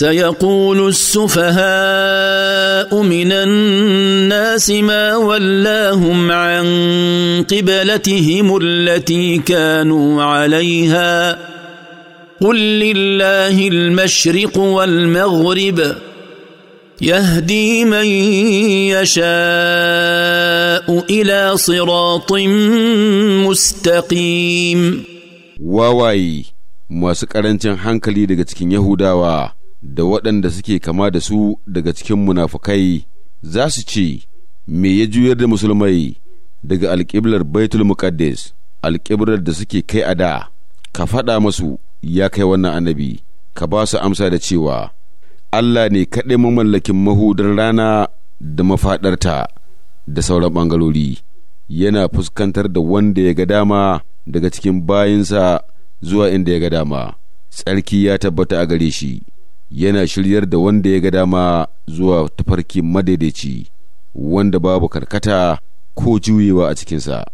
سيقول السفهاء من الناس ما ولاهم عن قبلتهم التي كانوا عليها قل لله المشرق والمغرب يهدي من يشاء الى صراط مستقيم واواي masu ƙarancin hankali daga cikin da waɗanda suke kama da su daga cikin munafukai za su ce me ya juyar da musulmai daga alƙiblar baitul muqaddis alƙiblar da suke kai a da ka faɗa masu ya kai wannan annabi ka ba su amsa da cewa Allah ne kaɗai mamallakin mahudar rana da mafaɗarta da sauran ɓangarori yana fuskantar da wanda ya ga dama daga cikin bayinsa zuwa inda ya ga dama tsarki ya tabbata a gare shi yana shiryar da wanda ya ga dama zuwa tafarki madaidaici wanda babu karkata ko juyewa a cikinsa.